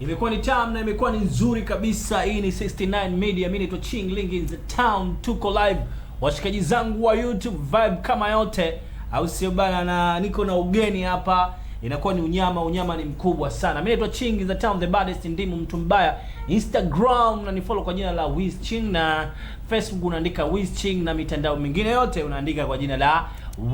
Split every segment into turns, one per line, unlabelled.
Imekuwa ni tamu na imekuwa ni nzuri kabisa. Hii ni 69 Media, mimi naitwa Ching Ling in the town, tuko live washikaji zangu wa YouTube vibe kama yote, au sio bana? Na niko na ugeni hapa, inakuwa ni unyama, unyama ni mkubwa sana. Mimi naitwa Ching in the town, the baddest ndimu mtu mbaya. Instagram unanifollow kwa jina la Wiz Ching na Facebook unaandika Wiz Ching na mitandao mingine yote unaandika kwa jina la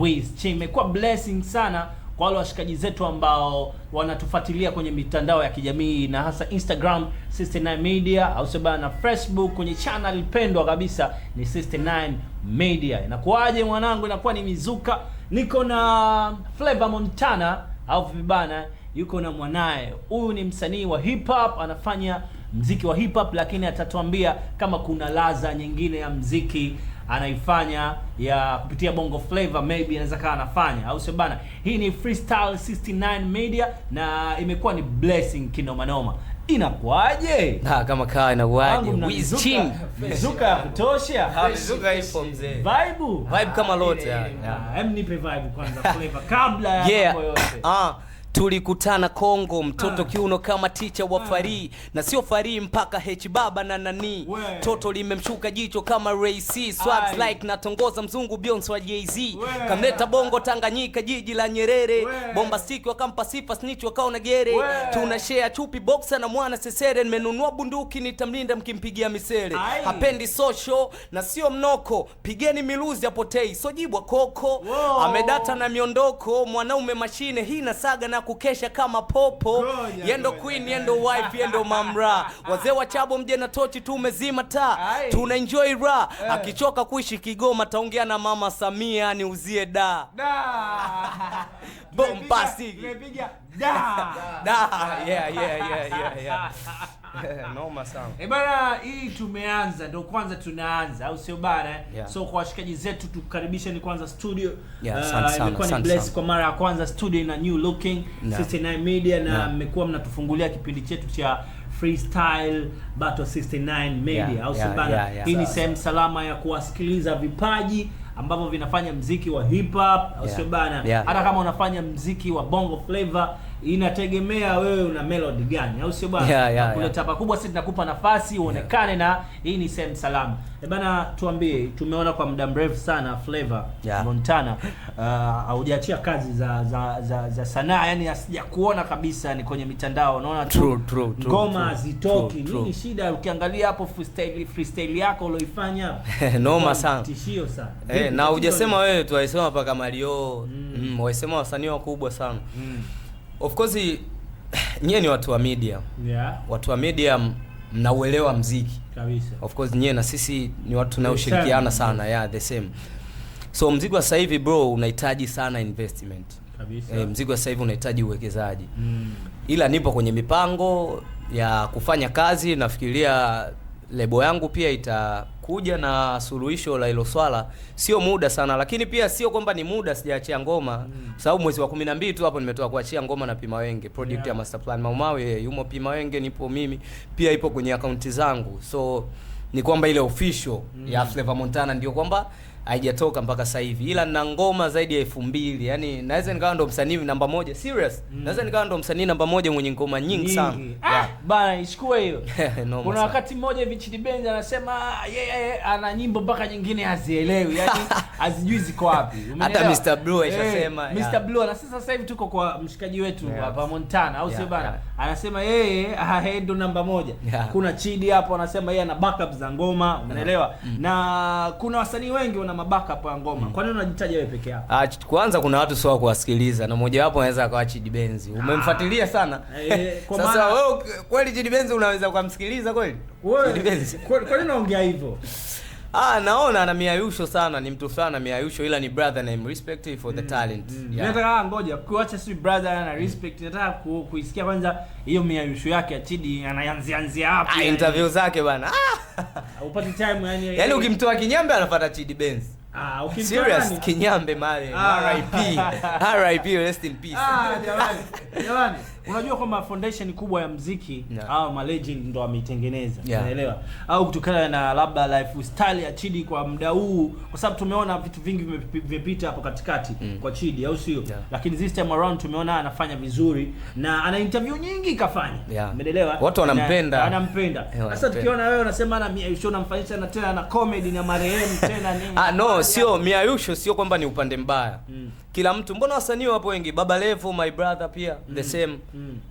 Wiz Ching. Imekuwa blessing sana kwa wale washikaji zetu ambao wanatufuatilia kwenye mitandao ya kijamii na hasa Instagram 69 Media, au sio na Facebook kwenye channel pendwa kabisa ni 69 Media. Inakuwaje mwanangu, inakuwa ni mizuka. Niko na Flavor Montana au vibana, yuko na mwanaye. Huyu ni msanii wa hip hop, anafanya mziki wa hip hop, lakini atatuambia kama kuna laza nyingine ya mziki anaifanya ya kupitia Bongo Flava, maybe anaweza kawa anafanya au sio bana. Hii ni Freestyle 69 Media na imekuwa ni blessing kinoma noma. Inakuaje?
Na kama kawa inakuaje? Wizching.
Mizuka ya kutosha.
Ha, mizuka ipo mzee. Vibe. Vibe kama lote. Ah,
hem, nipe vibe kwanza flavor kabla
ya mambo yote. Ah. Tulikutana Kongo, ah. mtoto kiuno kama ticha wa ah. farii na sio farii mpaka H baba na nani toto limemshuka jicho kama Ray C swags like natongoza mzungu Beyonce wa Jay-Z kamleta bongo Tanganyika jiji la Nyerere, bomba stiki wakampa sifa snitch wakao na gere, tuna share chupi boxer na mwana sesere, nimenunua bunduki nitamlinda mkimpigia misere hapendi social na sio mnoko, pigeni miluzi apotei sojibwa koko, amedata na miondoko mwanaume mashine hii na saga na kukesha kama popo, yendo queen, yendo wife, yendo mamra. Wazee wa chabo mje na tochi tu umezima taa, tuna enjoy ra. Eh. Akichoka kuishi Kigoma taongea na mama Samia niuzie da.
Da.
Bombasi. Noma sana.
Eh, bana hii tumeanza ndo kwanza tunaanza au sio bana? Yeah. So kwa washikaji zetu ni kwanza studio. Yeah, uh, ni kwa mara ya kwanza studio ina new looking yeah. 69 Media na mmekuwa yeah. mnatufungulia kipindi chetu cha Freestyle Battle 69 Media au sio bana? Hii ni sehemu salama ya kuwasikiliza vipaji ambavyo vinafanya mziki wa hip hop, sio bana, hata kama unafanya mziki wa bongo flavor inategemea wewe una melody gani, au sio bwana? yeah, yeah, kuleta yeah. Pakubwa sisi tunakupa nafasi uonekane yeah. Na hii ni sehemu salama e bana, tuambie, tumeona kwa muda mrefu sana Flavor yeah. Montana uh, haujaachia uh, kazi za za za, za sanaa, yani asija kuona kabisa, ni kwenye mitandao unaona tu ngoma zitoki Nini shida? Ukiangalia hapo freestyle freestyle yako uloifanya
noma sana,
tishio sana
eh, na hujasema wewe tu, waisema paka Mario mm. mm, waisema wasanii wakubwa sana mm. Of course nyie ni watu wa media. Yeah. Watu wa media mnauelewa mziki. Kabisa. Of course nyie na sisi ni watu tunaoshirikiana sana. Yeah, the same. So mziki wa sasa hivi bro unahitaji sana investment. Kabisa. E, eh, mziki wa sasa hivi unahitaji uwekezaji. Mm. Ila nipo kwenye mipango ya kufanya kazi nafikiria lebo yangu pia itakuja na suluhisho la hilo swala, sio muda sana, lakini pia sio kwamba ni muda sijaachia ngoma mm. sababu mwezi wa 12 tu hapo nimetoka kuachia ngoma na Pima Wenge project yeah. ya Masterplan Maumawe, yumo Pima Wenge, nipo mimi pia, ipo kwenye akaunti zangu, so ni kwamba ile official mm. ya Flavor Montana ndio kwamba haijatoka mpaka sasa hivi, ila na ngoma zaidi ya elfu mbili yani naweza nikawa ndo msanii namba moja serious mm. naweza nikawa ndo msanii namba moja mwenye ngoma nyingi sana ah,
bana ichukue hiyo no, kuna wakati mmoja hivi Chidi Benz anasema ah, yeye yeah, yeah, ana nyimbo mpaka nyingine hazielewi yani hazijui ziko wapi
hata Mr Blue eh, alishasema
hey, Mr Blue na sasa hivi tuko kwa mshikaji wetu hapa yeah. Montana au yeah, sio bana yeah. anasema yeye hey, ah, ndo namba moja yeah. kuna Chidi hapo anasema yeye ana backup za ngoma unaelewa mm. na kuna wasanii wengi wana kuna mabaka hapo ya ngoma. Mm. Kwa nini unajitaja wewe peke yako?
Ah, kwanza kuna watu sio kuwasikiliza na mmoja wapo anaweza akawa Chidi Benzi. Ah. Umemfuatilia sana. Eh, eh, kwa maana sasa wewe kweli Chidi Benzi unaweza kumsikiliza kweli?
Wewe Chidi Benzi. Kwa nini unaongea hivyo?
Ah, naona ana miayusho sana, ni mtu fulani na miayusho, ila ni brother na respect for the mm, talent. Mm.
Yeah. Nataka ngoja kuacha si brother na respect, nataka ku, kuisikia kwanza hiyo miayusho yake ya Chidi anaanzia anzia wapi?
Ah, interview zake bwana. Ah.
ah Upati time yani.
Yaani ukimtoa Kinyambe anafuata Chidi Benz. Ah, ukimtoa Serious Kinyambe mali. Ah. RIP. RIP rest in peace.
Ah, jamani. Jamani. Eh. unajua kwamba foundation kubwa ya mziki yeah. au ma legend ndo ameitengeneza yeah. unaelewa, au kutokana na labda lifestyle ya Chidi kwa muda huu, kwa sababu tumeona vitu vingi vimepita hapo katikati mm. kwa Chidi, au sio? yeah. Lakini this time around tumeona anafanya vizuri na ana interview nyingi kafanya, umeelewa? yeah.
watu wanampenda,
anampenda eh, sasa. Tukiona wewe unasema na Miayusho unamfanyisha na tena na comedy na marehemu tena
nini? ah no, sio Miayusho, sio kwamba ni upande mbaya mm. kila mtu, mbona wasanii wapo wengi, Baba Levo, my brother pia mm. the same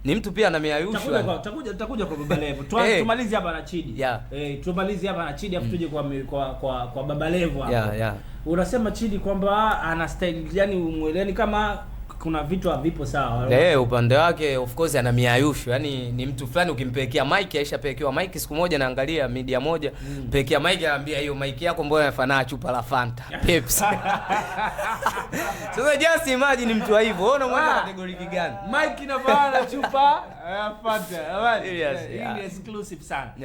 ni mtu pia anamiayushwa.
Tutakuja kwa Baba Levo eh. tumalize hapa na Chidi yeah. Hey, tumalize hapa na Chidi afu mm. tuje kwa, kwa kwa kwa Baba Levo hapa yeah, yeah. Unasema Chidi kwamba ana style yani, umweleni kama kuna vitu havipo sawa.
Eh, upande wake of course ana miayusho. Yaani ni mtu fulani ukimpelekea mic aisha pekewa mic siku moja naangalia media moja, mm. Pelekea mic anaambia hiyo mic yako mbona inafanana chupa la Fanta, Pepsi. Sasa just imagine mtu wa hivyo. Unaona mwana ah. kategori gani?
Mic inafanana chupa Eh, eh,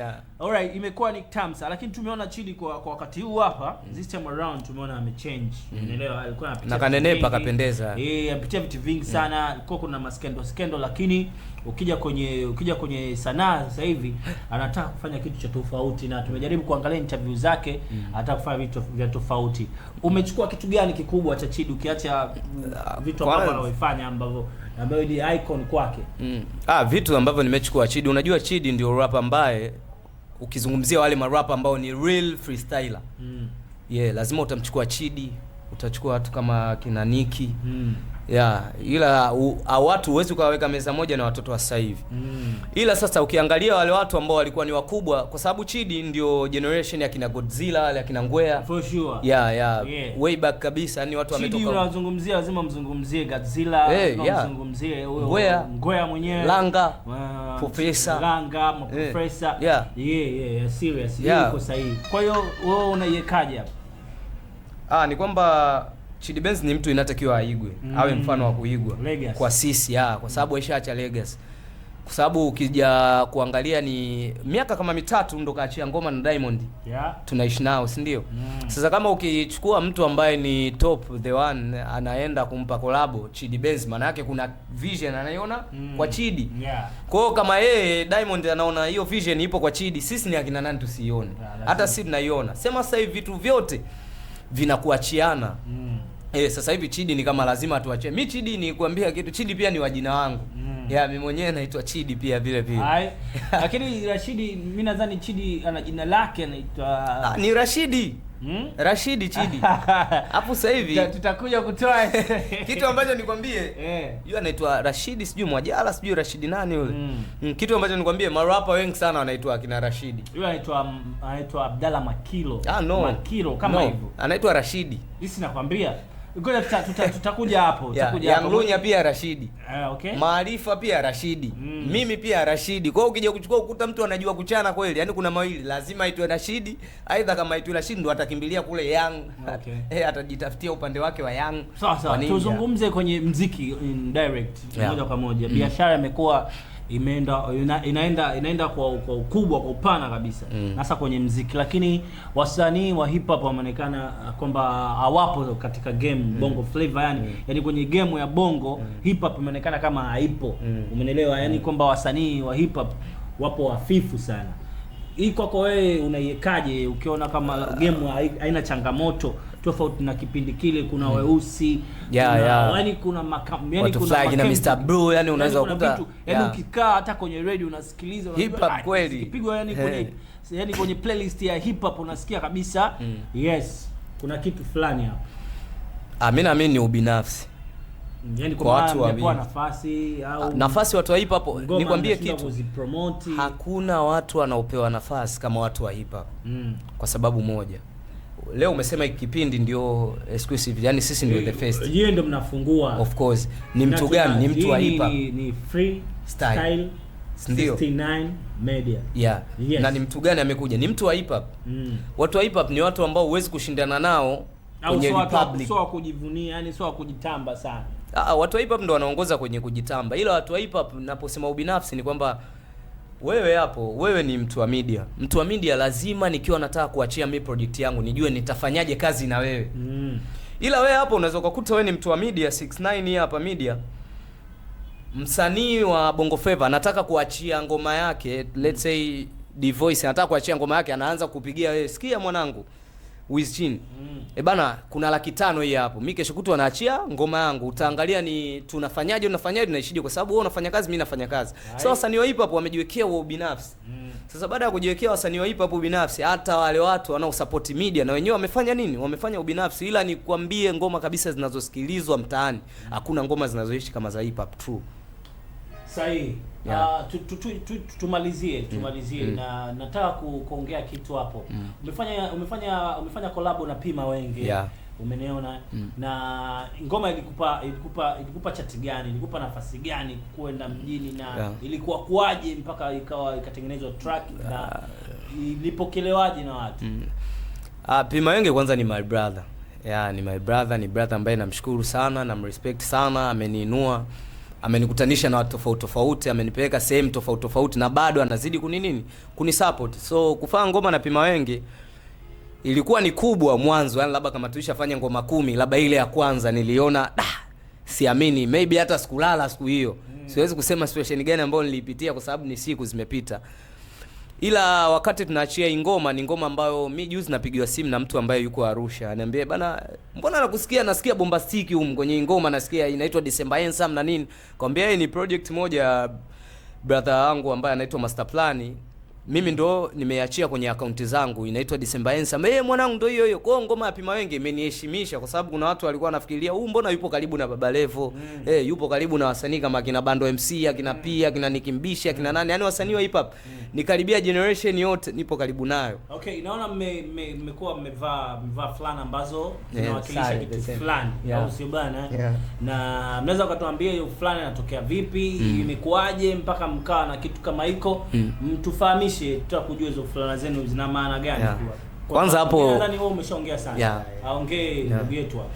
yeah. imekuwa ni tamu lakini tumeona Chidi kwa kwa wakati huu hapa mm. this time around tumeona amechange. Mm. Unaelewa alikuwa
anapitia. Na kanenepa kapendeza.
Eh, amepitia vitu vingi mm. sana. Alikuwa mm. kuna maskendo skendo lakini ukija kwenye ukija kwenye sanaa sasa hivi anataka kufanya kitu cha tofauti na tumejaribu kuangalia interview zake mm. anataka kufanya vitu vya tofauti. Umechukua kitu gani kikubwa cha Chidi ukiacha mm, uh, vitu ambavyo anaoifanya ambavyo ambayo ni icon kwake. Mm.
Ah, vitu ambavyo nimechukua Chidi. Unajua Chidi ndio rap ambaye ukizungumzia wale marapa ambao ni real freestyler. Mm. Yeah, lazima utamchukua Chidi, utachukua watu kama kina Niki. Mm yeah, ila u, a watu huwezi ukaweka meza moja na watoto wa hivi mm. Ila sasa ukiangalia wale watu ambao walikuwa ni wakubwa, kwa sababu Chidi ndio generation ya kina Godzilla ya kina Ngwea for sure. yeah, yeah. yeah. way back kabisa, ni watu wametoka.
Chidi unazungumzia, lazima mzungumzie Godzilla, hey, eh, mzungumzie yeah. Ngwea,
Ngwea mwenyewe, Langa uh, Profesa
Langa, eh. Profesa yeah. yeah, yeah, yeah, serious yeah. Iko sahihi. Kwa hiyo wewe unaiyekaje hapa?
Ah, ni kwamba Chidi Benz ni mtu inatakiwa aigwe mm. awe mfano wa kuigwa kwa sisi ya, ah, kwa sababu mm. aishaacha legacy, kwa sababu ukija kuangalia ni miaka kama mitatu ndo kaachia ngoma na Diamond yeah. tunaishi nao si ndio? mm. Sasa kama ukichukua mtu ambaye ni top the one anaenda kumpa kolabo Chidi Benz, maana yake kuna vision anaiona mm. kwa Chidi yeah. kwa hiyo kama yeye Diamond anaona hiyo vision ipo kwa Chidi, sisi ni akina nani tusiione? hata yeah, sisi tunaiona. Sema sasa hivi vitu vyote vinakuachiana mm. Eh, sasa hivi Chidi ni kama lazima tuachie. Mimi Chidi ni kuambia kitu, Chidi pia ni wajina wangu. Mm. Yeah, mimi mwenyewe naitwa Chidi pia vile vile. Hai.
Lakini Rashidi mimi nadhani Chidi ana jina lake anaitwa
ah, ni Rashidi. Hmm? Rashidi Chidi. Hapo sasa hivi
tutakuja kutoa
kitu ambacho nikwambie. Eh. Yule anaitwa Rashidi sijui Mwajala sijui Rashidi nani yule. Hmm. Mm. Kitu ambacho nikwambie marapa wengi sana wanaitwa akina Rashidi.
Yule anaitwa anaitwa Abdalla Makilo. Ah, no. Makilo kama hivyo. No.
Anaitwa Rashidi.
Hisi nakwambia ngoja tutakuja hapo, tutakuja hapo.
Yanglunya pia Rashidi. Ah, okay. Maarifa pia Rashidi. Mm. Mimi pia Rashidi. Kwa hiyo ukija kuchukua ukuta mtu anajua kuchana kweli. Yaani kuna mawili, lazima aitwe Rashidi, aidha kama aitwe Rashidi ndo atakimbilia kule Yang. Okay. Eh, atajitafutia upande wake wa Yang.
Sawa sawa. Tuzungumze kwenye mziki in direct moja yeah, kwa moja. Mm. Biashara imekuwa mm imeenda ina, inaenda inaenda kwa kwa ukubwa kwa upana kabisa hasa mm. kwenye mziki, lakini wasanii wa hip hop wameonekana kwamba hawapo katika game mm. bongo flavor yani mm. yani kwenye game ya bongo mm. hip hop imeonekana kama haipo mm. umeelewa yani mm. kwamba wasanii wa hip hop wapo hafifu sana. Hii kwako wewe unaiekaje ukiona kama ah. game haina changamoto tofauti na kipindi kile, kuna hmm. weusi
yeah, kuna, yeah.
Yani kuna makam, yani
na Mr Blue, yani yaani unaweza kukuta
yani, Ukikaa hata kwenye radio unasikiliza
hip hop ah, kweli
kipigwa yani Kwenye yani kwenye playlist ya hip hop unasikia kabisa mm. Yes, kuna kitu fulani hapo.
Ah, mimi naamini ni ubinafsi
Yani kwa watu wa nafasi au
ah, nafasi watu wa hip hop, nikwambie kitu, hakuna watu wanaopewa nafasi kama watu wa hip hop mm. Kwa sababu moja leo umesema hiki kipindi ndio exclusive, eh, yani sisi ndio the eh, first.
Yeye ndio mnafungua.
Of course, ni mtu gani? Ni mtu aipa Ni,
ni free style. style. Ndiyo. 69 media.
Yeah. Yes. Na ni mtu gani amekuja? Ni mtu wa hip hop. Mm. Watu wa hip hop ni watu ambao huwezi kushindana nao
na kwenye public. Sio wa kujivunia, yani sio wa kujitamba sana.
Ah, ah, watu wa hip hop ndio wanaongoza kwenye kujitamba. Ila watu wa hip hop naposema ubinafsi ni kwamba wewe hapo, wewe ni mtu wa media. Mtu wa media lazima nikiwa nataka kuachia mi project yangu nijue nitafanyaje kazi na wewe. Mm. Ila wewe hapo unaweza ukakuta wewe ni mtu wa media 69 hapa media. Msanii wa Bongo Flava anataka kuachia ngoma yake, let's say D Voice anataka kuachia ngoma yake, anaanza kupigia wewe, sikia mwanangu. Wizchin. Mm. Eh, bana kuna laki tano hii hapo. Mimi kesho kutwa naachia ngoma yangu. Utaangalia ni tunafanyaje, unafanyaje, tunaishije kwa sababu wewe unafanya kazi, mimi nafanya kazi. Sasa so, wasanii wa hip hop wamejiwekea wao binafsi. Mm. Sasa baada ya kujiwekea wasanii wa hip hop binafsi, hata wale watu wanao support media na wenyewe wamefanya nini? Wamefanya ubinafsi ila ni kuambie ngoma kabisa zinazosikilizwa mtaani. Mm. Hakuna mm. ngoma zinazoishi kama za hip hop true
sahihi yeah. Uh, tu, tu, tu, tu, tumalizie mm. tumalizie mm. na nataka ku, kuongea kitu hapo mm. umefanya umefanya umefanya kolabo na Pima wengi yeah. Umeniona mm. na ngoma ilikupa ilikupa ilikupa chati gani? Ilikupa nafasi gani kwenda mjini na yeah. ilikuwa kuaje mpaka ikawa ikatengenezwa track uh, na ilipokelewaje na watu mm.
uh, Pima wengi kwanza ni my brother yeah, ni my brother, ni brother ambaye namshukuru sana, namrespect sana, ameniinua amenikutanisha na watu tofauti tofauti, amenipeleka sehemu tofauti tofauti, na bado anazidi kuni nini kunisupport. So kufanya ngoma na Pima Wengi ilikuwa ni kubwa mwanzo, yani labda kama tulishafanya ngoma kumi, labda ile ya kwanza niliona da, siamini, maybe hata sikulala siku hiyo. Mm. Siwezi kusema situation gani ambayo nilipitia kwa sababu ni siku zimepita. Ila wakati tunaachia hii ngoma, ni ngoma ambayo mi juzi napigiwa simu na mtu ambaye yuko Arusha, ananiambia bana, mbona nakusikia, nasikia bombastiki huko kwenye hii ngoma, nasikia inaitwa December Handsome na nini. Kwambia hii ni project moja brother wangu ambaye anaitwa Master mimi ndo nimeachia kwenye akaunti zangu inaitwa December Ensa. Yeye mwanangu ndo hiyo hiyo. Kwa hiyo ngoma ya Pima Wenge imeniheshimisha kwa sababu kuna watu walikuwa wanafikiria huyu uh, mbona yupo karibu na Baba Levo. Mm. Eh, yupo karibu na wasanii kama kina Bando MC, akina mm. Pia, akina Nikimbishi, mm. akina nani? Yaani wasanii wa hip hop. Mm. Nikaribia generation yote nipo karibu nayo.
Okay, naona mmekuwa me, me, mmevaa mmevaa fulana ambazo eh, zinawakilisha yeah, kitu fulani yeah. au sio bana? Yeah. Na mnaweza kutuambia hiyo fulana inatokea vipi? Mm. Imekuaje mpaka mkaa na kitu kama hiko? Mm. Mtufahamishe tuonyeshe, kujua hizo fulana zenu zina maana gani yeah.
Kwa kwanza hapo
nadhani wewe umeshaongea sana yeah. Aongee yeah. ndugu yetu hapa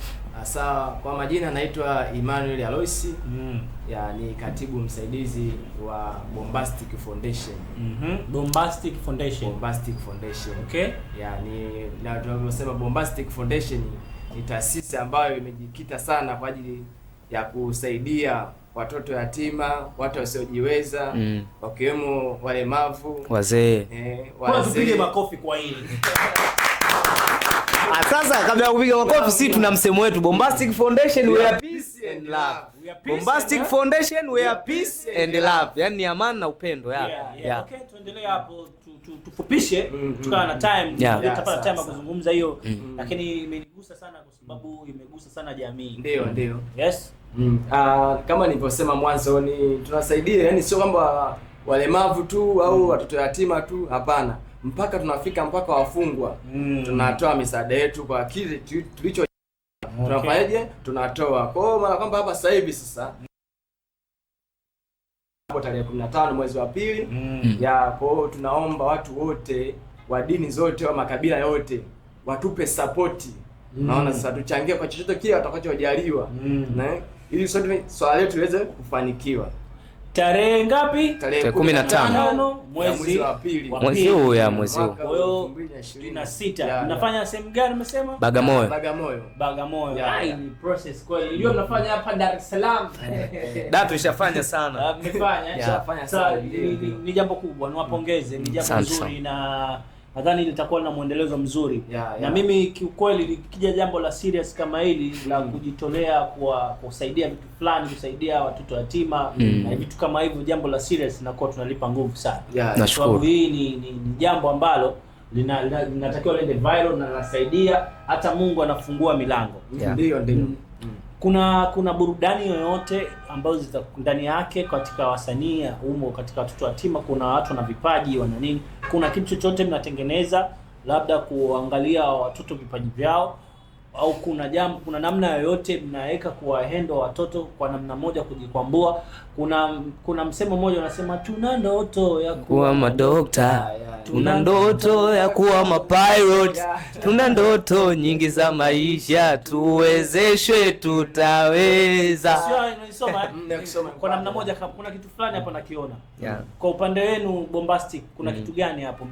Sawa, kwa majina naitwa Emmanuel Alois mm. ya ni katibu msaidizi wa Bombastic Foundation mm
Bombastic Foundation
Bombastic Foundation okay, ya ni na tunavyosema Bombastic Foundation ni taasisi ambayo imejikita sana kwa ajili ya kusaidia watoto yatima, watu wasiojiweza mm. wakiwemo walemavu,
wazee eh,
wazee. Tupige makofi kwa hili. Ah, sasa kabla ya kupiga makofi, sisi tuna msemo wetu Bombastic Foundation we are peace and love. Bombastic Foundation we are peace and love, Yaani ni amani na upendo ya. Yeah, yeah. Okay, tuendelee hapo tufupishe mm -hmm. tukawa na time yeah. Yeah, tutapata time ya kuzungumza hiyo mm -hmm. lakini imenigusa sana kwa sababu imegusa sana jamii.
Ndio, ndio.
Yes. Mm.
Uh, kama nilivyosema mwanzoni tunasaidia, yani sio kwamba walemavu tu au mm. watoto yatima tu, hapana, mpaka tunafika mpaka wafungwa. Mm. Tunatoa misaada yetu kwa kile tulicho okay. Tunafanyaje? Tunatoa. Kwa hiyo maana kwamba hapa sasa hivi sasa hapo tarehe 15 mwezi wa pili mm. ya kwa hiyo tunaomba watu wote wa dini zote wa makabila yote watupe sapoti. Mm. Naona sasa tuchangie kwa chochote kile watakachojaliwa. Mm ili swala letu liweze kufanikiwa.
Tarehe ngapi?
Tarehe 15
mwezi wa pili,
mwezi huu ya mwezi huu
26. Mnafanya yaani. sehemu gani? Umesema Bagamoyo. Bagamoyo, Bagamoyo. Yaani. ni process ndio mnafanya hapa Dar es Salaam.
Da, sana,
mmefanya, sana, ni jambo kubwa, niwapongeze, ni jambo zuri na nadhani litakuwa lina mwendelezo mzuri yeah, yeah. Na mimi kiukweli, likija jambo la serious kama hili la mm. kujitolea kwa kusaidia vitu fulani, kusaidia watoto yatima mm. na vitu kama hivyo, jambo la serious linakuwa tunalipa nguvu sana yeah, sababu hii ni, ni, ni jambo ambalo linatakiwa lina, lina liende viral na linasaidia hata Mungu anafungua milango yeah. ndio kuna kuna burudani yoyote ambayo ndani yake katika wasanii humo, katika watoto yatima, kuna watu wana vipaji wana nini, kuna kitu chochote mnatengeneza labda kuangalia watoto vipaji vyao au kuna jambo, kuna namna yoyote mnaweka kuwahendwa watoto kwa namna moja kujikwambua? Kuna kuna msemo mmoja unasema tuna ndoto ya
kuwa madokta, tuna ndoto ya kuwa mapilot, tuna ndoto nyingi za maisha, tuwezeshwe, tutaweza.
Eh? Kwa namna moja, kuna kitu fulani hapa nakiona. Kwa upande wenu Bombastic, kuna mm. kitu gani hapo?